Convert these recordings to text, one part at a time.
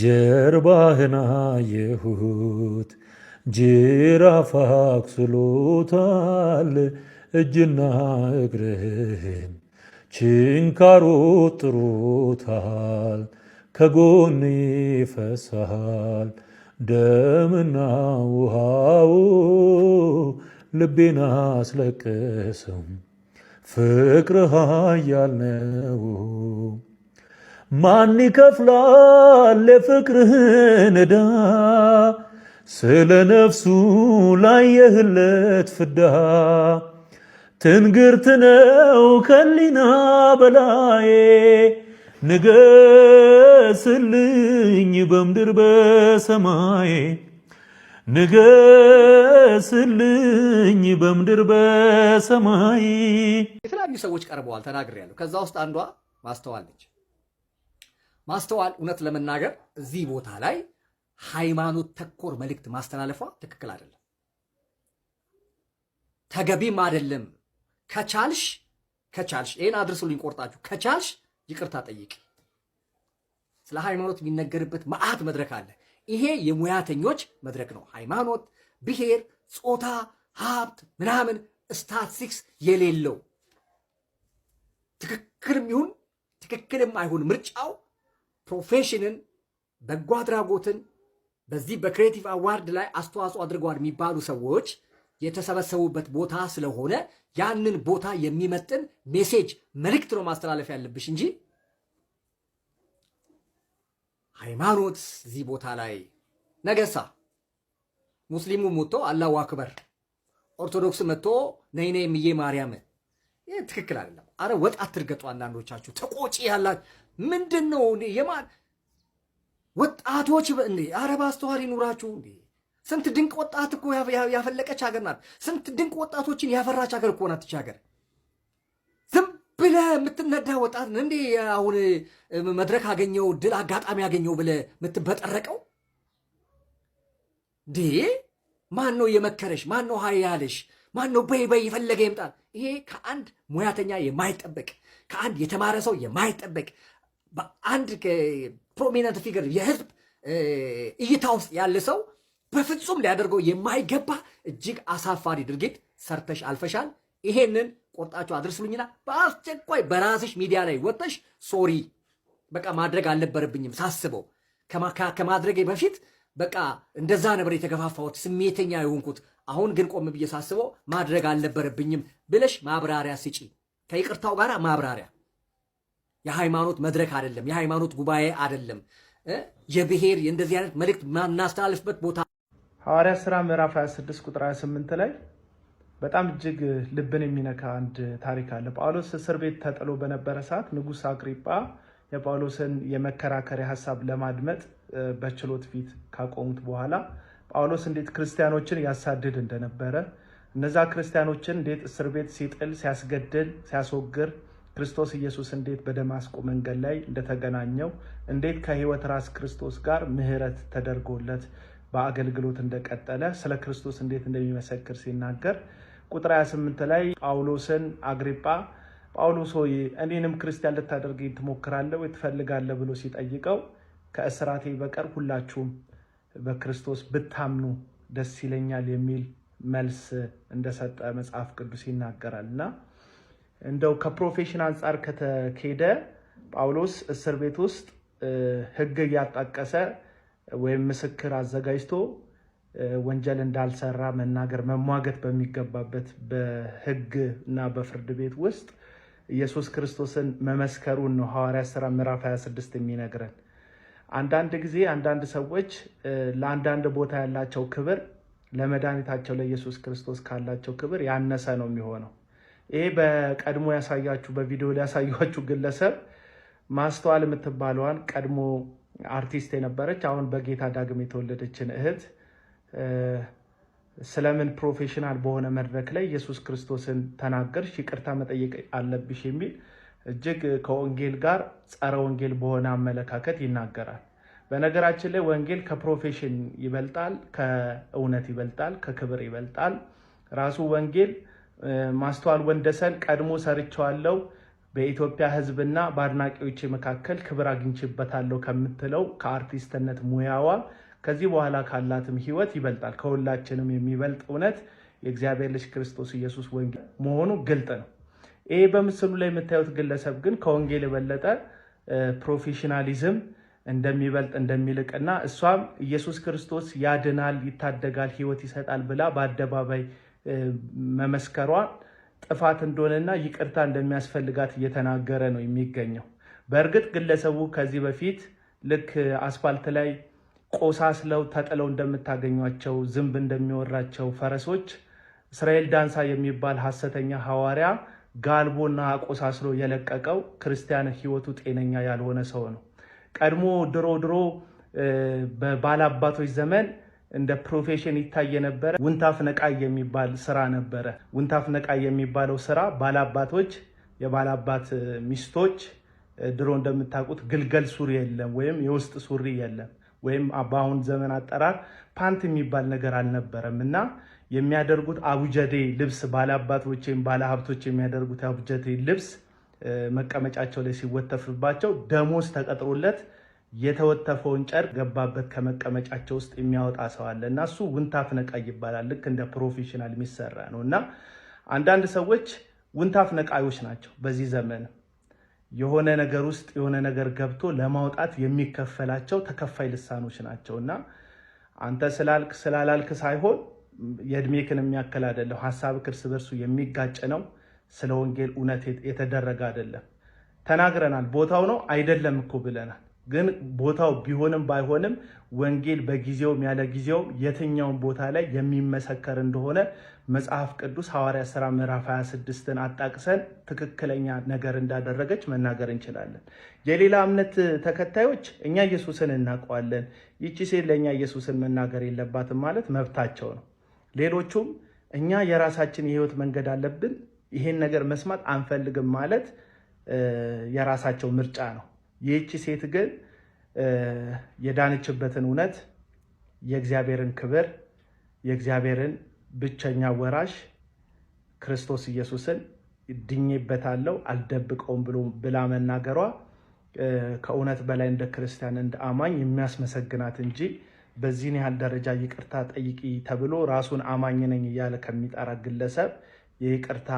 ጀርባህን የሁት ጅራፍ አቁስሎታል እጅና እግርህን ችንካሮ ጥሮታል ከጎን ይፈሳል ደምና ውሃው ልቤን አስለቀሰው ፍቅርሃ ያልነው ማን ይከፍላል የፍቅርህን ዕዳ ስለ ነፍሱ ላየህለት ፍዳ ትንግርት ነው ከሊና በላይ ንገስልኝ በምድር በሰማይ ንገስልኝ በምድር በሰማይ የተለያዩ ሰዎች ቀርበዋል ተናግሬያለሁ ከዛ ውስጥ አንዷ ማስተዋል ነች ማስተዋል እውነት ለመናገር እዚህ ቦታ ላይ ሃይማኖት ተኮር መልእክት ማስተላለፏ ትክክል አይደለም፣ ተገቢም አይደለም። ከቻልሽ ከቻልሽ ይህን አድርሱልኝ ቆርጣችሁ ከቻልሽ ይቅርታ ጠይቂ። ስለ ሃይማኖት የሚነገርበት መዓት መድረክ አለ። ይሄ የሙያተኞች መድረክ ነው። ሃይማኖት፣ ብሔር፣ ጾታ፣ ሀብት ምናምን ስታትስቲክስ የሌለው ትክክልም ይሁን ትክክልም አይሁን ምርጫው ፕሮፌሽንን፣ በጎ አድራጎትን በዚህ በክሬቲቭ አዋርድ ላይ አስተዋጽኦ አድርገዋል የሚባሉ ሰዎች የተሰበሰቡበት ቦታ ስለሆነ ያንን ቦታ የሚመጥን ሜሴጅ መልእክት ነው ማስተላለፍ ያለብሽ እንጂ ሃይማኖት እዚህ ቦታ ላይ ነገሳ ሙስሊሙ ሞቶ አላሁ አክበር፣ ኦርቶዶክስ መጥቶ ነይ ምዬ ማርያም ይህ ትክክል አይደለም። አረ ወጣት ትርገጡ አንዳንዶቻችሁ ተቆጪ ያላችሁ ምንድን ነው እንዴ? የማን ወጣቶች እንዴ? አረብ አስተዋሪ ኑራችሁ እንዴ? ስንት ድንቅ ወጣት እኮ ያፈለቀች ሀገር ናት። ስንት ድንቅ ወጣቶችን ያፈራች ሀገር እኮ ናት። ሀገር ዝም ብለ የምትነዳ ወጣት እንዴ? አሁን መድረክ አገኘው ድል አጋጣሚ አገኘው ብለ የምትበጠረቀው ዴ ማን ነው የመከረሽ? ማን ነው ሀይ ያለሽ? ማን ነው በይ በይ የፈለገ ይምጣል። ይሄ ከአንድ ሙያተኛ የማይጠበቅ ከአንድ የተማረ ሰው የማይጠበቅ በአንድ ፕሮሚነንት ፊገር የህዝብ እይታ ውስጥ ያለ ሰው በፍጹም ሊያደርገው የማይገባ እጅግ አሳፋሪ ድርጊት ሰርተሽ አልፈሻል። ይሄንን ቆርጣችሁ አድርስሉኝና በአስቸኳይ በራስሽ ሚዲያ ላይ ወጥተሽ ሶሪ፣ በቃ ማድረግ አልነበረብኝም ሳስበው ከማድረጌ በፊት በቃ እንደዛ ነበር የተገፋፋሁት፣ ስሜተኛ የሆንኩት። አሁን ግን ቆም ብዬ ሳስበው ማድረግ አልነበረብኝም ብለሽ ማብራሪያ ስጪ፣ ከይቅርታው ጋር ማብራሪያ የሃይማኖት መድረክ አይደለም፣ የሃይማኖት ጉባኤ አይደለም፣ የብሔር እንደዚህ አይነት መልእክት ማናስተላልፍበት ቦታ ሐዋርያ ስራ ምዕራፍ 26 ቁጥር 28 ላይ በጣም እጅግ ልብን የሚነካ አንድ ታሪክ አለ። ጳውሎስ እስር ቤት ተጥሎ በነበረ ሰዓት ንጉሥ አግሪጳ የጳውሎስን የመከራከሪያ ሀሳብ ለማድመጥ በችሎት ፊት ካቆሙት በኋላ ጳውሎስ እንዴት ክርስቲያኖችን ያሳድድ እንደነበረ እነዛ ክርስቲያኖችን እንዴት እስር ቤት ሲጥል፣ ሲያስገድል፣ ሲያስወግር ክርስቶስ ኢየሱስ እንዴት በደማስቆ መንገድ ላይ እንደተገናኘው እንዴት ከህይወት ራስ ክርስቶስ ጋር ምህረት ተደርጎለት በአገልግሎት እንደቀጠለ ስለ ክርስቶስ እንዴት እንደሚመሰክር ሲናገር ቁጥር 28 ላይ ጳውሎስን አግሪጳ ጳውሎስ ሆይ እኔንም ክርስቲያን ልታደርገኝ ትሞክራለህ ወይ ትፈልጋለህ ብሎ ሲጠይቀው ከእስራቴ በቀር ሁላችሁም በክርስቶስ ብታምኑ ደስ ይለኛል የሚል መልስ እንደሰጠ መጽሐፍ ቅዱስ ይናገራል እና እንደው ከፕሮፌሽን አንጻር ከተኬደ ጳውሎስ እስር ቤት ውስጥ ሕግ እያጣቀሰ ወይም ምስክር አዘጋጅቶ ወንጀል እንዳልሰራ መናገር መሟገት በሚገባበት በሕግ እና በፍርድ ቤት ውስጥ ኢየሱስ ክርስቶስን መመስከሩን ነው ሐዋርያ ሥራ ምዕራፍ 26 የሚነግረን። አንዳንድ ጊዜ አንዳንድ ሰዎች ለአንዳንድ ቦታ ያላቸው ክብር ለመድኃኒታቸው ለኢየሱስ ክርስቶስ ካላቸው ክብር ያነሰ ነው የሚሆነው። ይሄ በቀድሞ ያሳያችሁ በቪዲዮ ላይ ያሳያችሁ ግለሰብ ማስተዋል የምትባለዋን ቀድሞ አርቲስት የነበረች አሁን በጌታ ዳግም የተወለደችን እህት ስለምን ፕሮፌሽናል በሆነ መድረክ ላይ ኢየሱስ ክርስቶስን ተናገርሽ ይቅርታ መጠየቅ አለብሽ የሚል እጅግ ከወንጌል ጋር ጸረ ወንጌል በሆነ አመለካከት ይናገራል። በነገራችን ላይ ወንጌል ከፕሮፌሽን ይበልጣል፣ ከእውነት ይበልጣል፣ ከክብር ይበልጣል። ራሱ ወንጌል ማስተዋል ወንደሰን ቀድሞ ሰርቸዋለው በኢትዮጵያ ሕዝብና በአድናቂዎች መካከል ክብር አግኝቼበታለሁ ከምትለው ከአርቲስትነት ሙያዋ ከዚህ በኋላ ካላትም ሕይወት ይበልጣል። ከሁላችንም የሚበልጥ እውነት የእግዚአብሔር ልጅ ክርስቶስ ኢየሱስ ወንጌል መሆኑ ግልጥ ነው። ይህ በምስሉ ላይ የምታዩት ግለሰብ ግን ከወንጌል የበለጠ ፕሮፌሽናሊዝም እንደሚበልጥ እንደሚልቅና እሷም ኢየሱስ ክርስቶስ ያድናል፣ ይታደጋል፣ ሕይወት ይሰጣል ብላ በአደባባይ መመስከሯ ጥፋት እንደሆነና ይቅርታ እንደሚያስፈልጋት እየተናገረ ነው የሚገኘው። በእርግጥ ግለሰቡ ከዚህ በፊት ልክ አስፋልት ላይ ቆሳስለው ተጥለው እንደምታገኟቸው ዝንብ እንደሚወራቸው ፈረሶች እስራኤል ዳንሳ የሚባል ሐሰተኛ ሐዋርያ ጋልቦና ቆሳስሎ የለቀቀው ክርስቲያን ሕይወቱ ጤነኛ ያልሆነ ሰው ነው። ቀድሞ ድሮ ድሮ በባላባቶች ዘመን እንደ ፕሮፌሽን ይታይ የነበረ ውንታፍ ነቃይ የሚባል ስራ ነበረ። ውንታፍ ነቃይ የሚባለው ስራ ባላባቶች፣ የባላባት ሚስቶች ድሮ እንደምታውቁት ግልገል ሱሪ የለም ወይም የውስጥ ሱሪ የለም ወይም በአሁን ዘመን አጠራር ፓንት የሚባል ነገር አልነበረም እና የሚያደርጉት አቡጀዴ ልብስ ባላባቶች ወይም ባለሀብቶች የሚያደርጉት አቡጀዴ ልብስ መቀመጫቸው ላይ ሲወተፍባቸው ደሞዝ ተቀጥሮለት የተወተፈውን ጨርቅ ገባበት ከመቀመጫቸው ውስጥ የሚያወጣ ሰው አለ እና እሱ ውንታፍ ነቃይ ይባላል። ልክ እንደ ፕሮፌሽናል የሚሰራ ነው እና አንዳንድ ሰዎች ውንታፍ ነቃዮች ናቸው። በዚህ ዘመን የሆነ ነገር ውስጥ የሆነ ነገር ገብቶ ለማውጣት የሚከፈላቸው ተከፋይ ልሳኖች ናቸው እና አንተ ስላልክ ስላላልክ ሳይሆን የእድሜክን የሚያክል አይደለም። ሀሳብ እርስ በርሱ የሚጋጭ ነው። ስለ ወንጌል እውነት የተደረገ አይደለም። ተናግረናል። ቦታው ነው አይደለም እኮ ብለናል። ግን ቦታው ቢሆንም ባይሆንም ወንጌል በጊዜውም ያለ ጊዜውም የትኛውን ቦታ ላይ የሚመሰከር እንደሆነ መጽሐፍ ቅዱስ ሐዋርያ ሥራ ምዕራፍ 26ን አጣቅሰን ትክክለኛ ነገር እንዳደረገች መናገር እንችላለን። የሌላ እምነት ተከታዮች እኛ ኢየሱስን እናውቀዋለን፣ ይቺ ሴት ለእኛ ኢየሱስን መናገር የለባትም ማለት መብታቸው ነው። ሌሎቹም እኛ የራሳችን የህይወት መንገድ አለብን፣ ይሄን ነገር መስማት አንፈልግም ማለት የራሳቸው ምርጫ ነው። ይህቺ ሴት ግን የዳነችበትን እውነት የእግዚአብሔርን ክብር የእግዚአብሔርን ብቸኛ ወራሽ ክርስቶስ ኢየሱስን ድኜበታለሁ አልደብቀውም ብሎ ብላ መናገሯ ከእውነት በላይ እንደ ክርስቲያን እንደ አማኝ የሚያስመሰግናት እንጂ በዚህን ያህል ደረጃ ይቅርታ ጠይቂ ተብሎ ራሱን አማኝ ነኝ እያለ ከሚጠራ ግለሰብ የይቅርታ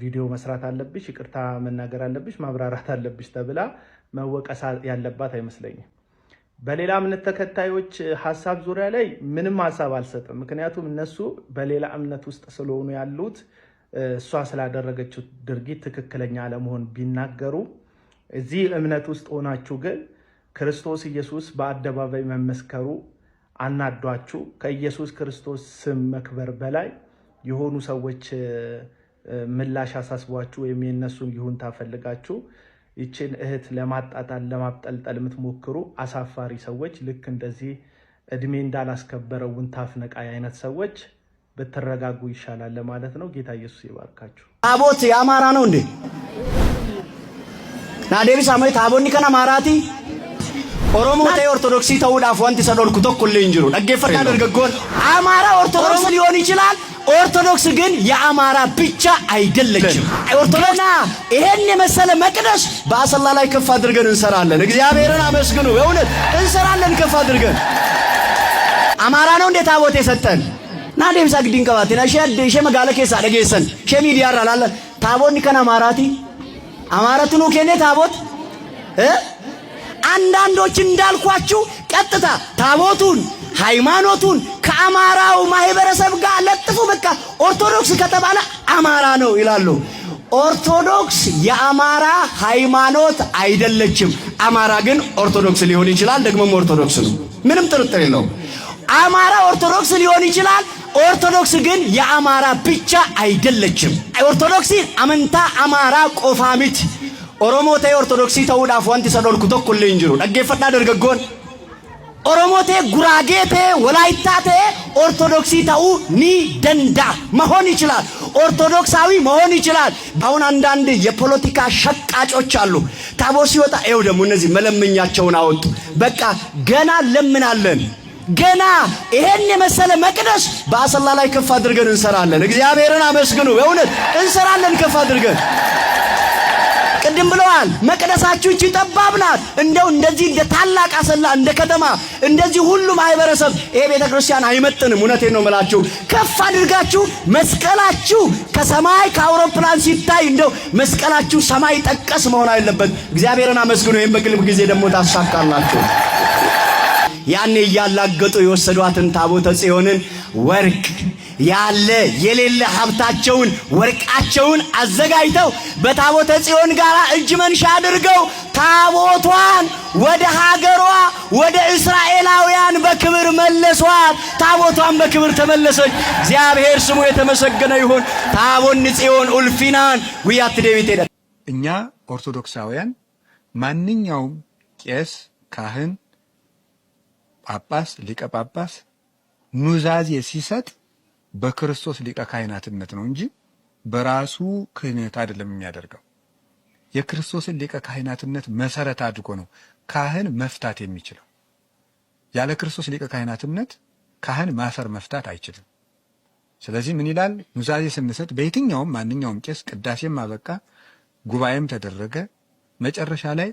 ቪዲዮ መስራት አለብሽ፣ ይቅርታ መናገር አለብሽ፣ ማብራራት አለብሽ ተብላ መወቀሳ ያለባት አይመስለኝም። በሌላ እምነት ተከታዮች ሀሳብ ዙሪያ ላይ ምንም ሀሳብ አልሰጥም። ምክንያቱም እነሱ በሌላ እምነት ውስጥ ስለሆኑ ያሉት እሷ ስላደረገችው ድርጊት ትክክለኛ አለመሆን ቢናገሩ እዚህ እምነት ውስጥ ሆናችሁ ግን ክርስቶስ ኢየሱስ በአደባባይ መመስከሩ አናዷችሁ ከኢየሱስ ክርስቶስ ስም መክበር በላይ የሆኑ ሰዎች ምላሽ አሳስቧችሁ ወይም የእነሱን ይሁንታ ፈልጋችሁ ይችን እህት ለማጣጣል ለማብጠልጠል የምትሞክሩ አሳፋሪ ሰዎች፣ ልክ እንደዚህ እድሜ እንዳላስከበረው ውንታፍ ነቃይ አይነት ሰዎች ብትረጋጉ ይሻላል ለማለት ነው። ጌታ ኢየሱስ ይባርካችሁ። ታቦት የአማራ ነው እንዴ? ናዴቢስ አመይ ታቦኒ ከና ማራቲ ኦሮሞ ተ ኦርቶዶክሲ ተውዳፍ ወንቲ ሰዶልኩ ተኩል እንጅሩ ደገፈታ ደርገጎን አማራ ኦርቶዶክስ ሊሆን ይችላል ኦርቶዶክስ ግን የአማራ ብቻ አይደለችም። ኦርቶዶክስ ይሄን የመሰለ መቅደስ በአሰላ ላይ ከፍ አድርገን እንሰራለን። እግዚአብሔርን አመስግኑ። በእውነት እንሰራለን ከፍ አድርገን። አማራ ነው እንዴ ታቦት የሰጠን ና ደምሳ ግዲን ከባቴና ሸድ ሸ መጋለ ኬሳ ደጌሰን ሸ ሚዲያ ራላለ ታቦን ከን አማራቲ ነው ከኔ ታቦት እ አንዳንዶች እንዳልኳችሁ ቀጥታ ታቦቱን ሃይማኖቱን ከአማራው ማህበረሰብ ጋር ለጥፉ። በቃ ኦርቶዶክስ ከተባለ አማራ ነው ይላሉ። ኦርቶዶክስ የአማራ ሃይማኖት አይደለችም። አማራ ግን ኦርቶዶክስ ሊሆን ይችላል። ደግሞም ኦርቶዶክስ ነው፣ ምንም ጥርጥር የለውም። አማራ ኦርቶዶክስ ሊሆን ይችላል። ኦርቶዶክስ ግን የአማራ ብቻ አይደለችም። ኦርቶዶክሲ አመንታ አማራ ቆፋሚት Oromoo ta'ee Ortodoksii ta'uudhaaf wanti isa dhorku tokko illee hin jiru. Dhaggeeffadhaa dargaggoon. Oromoo ta'ee Guraagee ta'ee Walaayittaa ta'ee Ortodoksii ta'uu ni danዳል መሆን ይችላል። ኦርቶዶክሳዊ መሆን ይችላል። አሁን አንዳንድ የፖለቲካ ሸቃጮች አሉ። ታቦት ሲወጣ ይኸው ደግሞ እነዚህ መለመኛቸውን አወጡ። በቃ ገና ለምናለን ገና ይሄን የመሰለ መቅደስ በአሰላ ላይ ከፍ አድርገን እንሰራለን። እግዚአብሔርን አመስግኑ። በእውነት እንሰራለን ከፍ አድርገን ቅድም ብለዋል። መቅደሳችሁ እቺ ጠባብ ናት። እንደው እንደዚህ እንደ ታላቅ አሰላ እንደ ከተማ እንደዚህ ሁሉ ማህበረሰብ ይሄ ቤተ ክርስቲያን አይመጥንም። እውነቴ ነው ምላችሁ ከፍ አድርጋችሁ መስቀላችሁ ከሰማይ ከአውሮፕላን ሲታይ እንደው መስቀላችሁ ሰማይ ጠቀስ መሆን አለበት። እግዚአብሔርን አመስግኑ። ይህም በቅርብ ጊዜ ደግሞ ታሳካላችሁ። ያኔ እያላገጡ የወሰዷትን ታቦተ ጽዮንን ወርቅ ያለ የሌለ ሀብታቸውን ወርቃቸውን አዘጋጅተው በታቦተ ጽዮን ጋር እጅ መንሻ አድርገው ታቦቷን ወደ ሀገሯ ወደ እስራኤላውያን በክብር መለሷት። ታቦቷን በክብር ተመለሰች። እግዚአብሔር ስሙ የተመሰገነ ይሁን። ታቦን ጽዮን ኡልፊናን ውያት ደቤት ሄደ። እኛ ኦርቶዶክሳውያን ማንኛውም ቄስ ካህን ጳጳስ፣ ሊቀ ጳጳስ ኑዛዜ ሲሰጥ በክርስቶስ ሊቀ ካህናትነት ነው እንጂ በራሱ ክህነት አይደለም የሚያደርገው። የክርስቶስን ሊቀ ካህናትነት መሰረት አድርጎ ነው ካህን መፍታት የሚችለው። ያለ ክርስቶስ ሊቀ ካህናትነት ካህን ማሰር መፍታት አይችልም። ስለዚህ ምን ይላል? ኑዛዜ ስንሰጥ በየትኛውም ማንኛውም ቄስ ቅዳሴም አበቃ፣ ጉባኤም ተደረገ መጨረሻ ላይ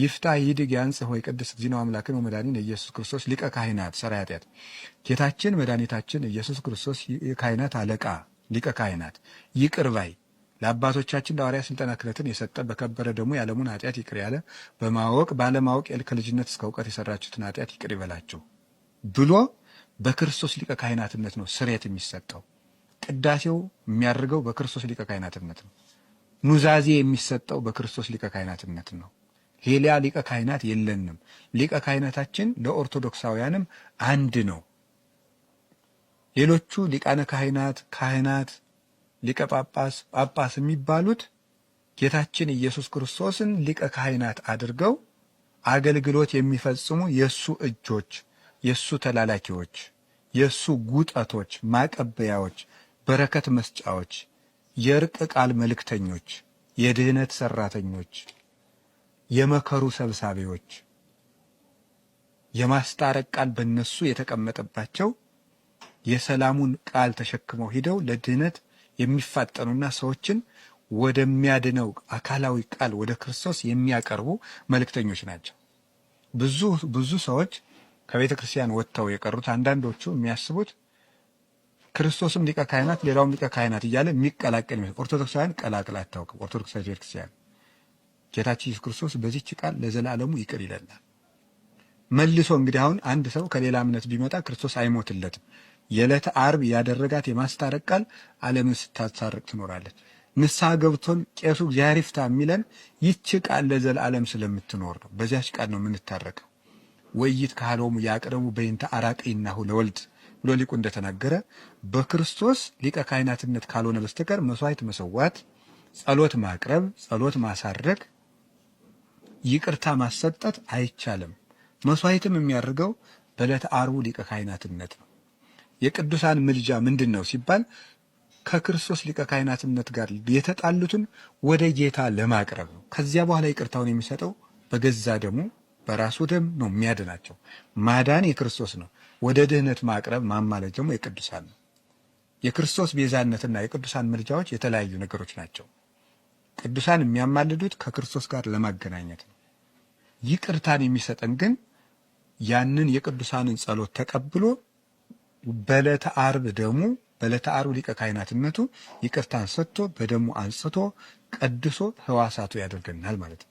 ይፍታ ይድግ ያንጽህ ሆይ ቅድስ ዚኖ አምላክን ወመድኃኒነ ኢየሱስ ክርስቶስ ሊቀ ካህናት ሰራ ኃጢአት ጌታችን መድኃኒታችን ኢየሱስ ክርስቶስ የካህናት አለቃ ሊቀ ካህናት ይቅርባይ ለአባቶቻችን ለሐዋርያት ሥልጣነ ክህነትን የሰጠ በከበረ ደግሞ የዓለሙን ኃጢአት ይቅር ያለ በማወቅ ባለማወቅ ከልጅነት እስከ እውቀት የሰራችሁትን ኃጢአት ይቅር ይበላችሁ ብሎ በክርስቶስ ሊቀ ካህናትነት ነው ስርየት የሚሰጠው። ቅዳሴው የሚያደርገው በክርስቶስ ሊቀ ካህናትነት ነው። ኑዛዜ የሚሰጠው በክርስቶስ ሊቀ ካህናትነት ነው። ሄሊያ ሊቀ ካህናት የለንም። ሊቀ ካህናታችን ለኦርቶዶክሳውያንም አንድ ነው። ሌሎቹ ሊቃነ ካህናት፣ ካህናት፣ ሊቀ ጳጳስ፣ ጳጳስ የሚባሉት ጌታችን ኢየሱስ ክርስቶስን ሊቀ ካህናት አድርገው አገልግሎት የሚፈጽሙ የእሱ እጆች፣ የእሱ ተላላኪዎች፣ የእሱ ጉጠቶች፣ ማቀበያዎች፣ በረከት መስጫዎች፣ የእርቅ ቃል መልእክተኞች፣ የድህነት ሰራተኞች የመከሩ ሰብሳቢዎች የማስታረቅ ቃል በነሱ የተቀመጠባቸው የሰላሙን ቃል ተሸክመው ሂደው ለድህነት የሚፋጠኑና ሰዎችን ወደሚያድነው አካላዊ ቃል ወደ ክርስቶስ የሚያቀርቡ መልእክተኞች ናቸው። ብዙ ብዙ ሰዎች ከቤተ ክርስቲያን ወጥተው የቀሩት አንዳንዶቹ የሚያስቡት ክርስቶስም ሊቀ ካህናት ሌላውም ሊቀ ካህናት እያለ የሚቀላቀል ኦርቶዶክሳውያን ቀላቅላ አታውቅም። ኦርቶዶክስ ቤተክርስቲያን ጌታችን ኢየሱስ ክርስቶስ በዚች ቃል ለዘላለሙ ይቅር ይለናል። መልሶ እንግዲህ አሁን አንድ ሰው ከሌላ እምነት ቢመጣ ክርስቶስ አይሞትለትም። የዕለተ ዓርብ ያደረጋት የማስታረቅ ቃል ዓለምን ስታሳርቅ ትኖራለች። ንስሐ ገብቶን ቄሱ እግዚአብሔር ይፍታ የሚለን ይቺ ቃል ለዘላለም ስለምትኖር ነው። በዚያች ቃል ነው የምንታረቀው። ወይት ካህሎሙ ያቅረቡ በይንተ አራቅይናሁ ለወልድ ብሎ ሊቁ እንደተናገረ በክርስቶስ ሊቀ ካህናትነት ካልሆነ በስተቀር መስዋዕት መሰዋት፣ ጸሎት ማቅረብ፣ ጸሎት ማሳረግ ይቅርታ ማሰጠት አይቻልም። መስዋዕትም የሚያደርገው በዕለተ ዓርቡ ሊቀ ካህናትነት ነው። የቅዱሳን ምልጃ ምንድን ነው ሲባል ከክርስቶስ ሊቀ ካህናትነት ጋር የተጣሉትን ወደ ጌታ ለማቅረብ ነው። ከዚያ በኋላ ይቅርታውን የሚሰጠው በገዛ ደሙ በራሱ ደም ነው የሚያድናቸው። ማዳን የክርስቶስ ነው። ወደ ድህነት ማቅረብ ማማለድ ደግሞ የቅዱሳን ነው። የክርስቶስ ቤዛነትና የቅዱሳን ምልጃዎች የተለያዩ ነገሮች ናቸው። ቅዱሳን የሚያማልዱት ከክርስቶስ ጋር ለማገናኘት ነው። ይቅርታን የሚሰጠን ግን ያንን የቅዱሳንን ጸሎት ተቀብሎ በዕለተ ዓርብ ደግሞ በዕለተ ዓርብ ሊቀ ካህናትነቱ ይቅርታን ሰጥቶ በደሙ አንጽቶ ቀድሶ ሕዋሳቱ ያደርገናል ማለት ነው።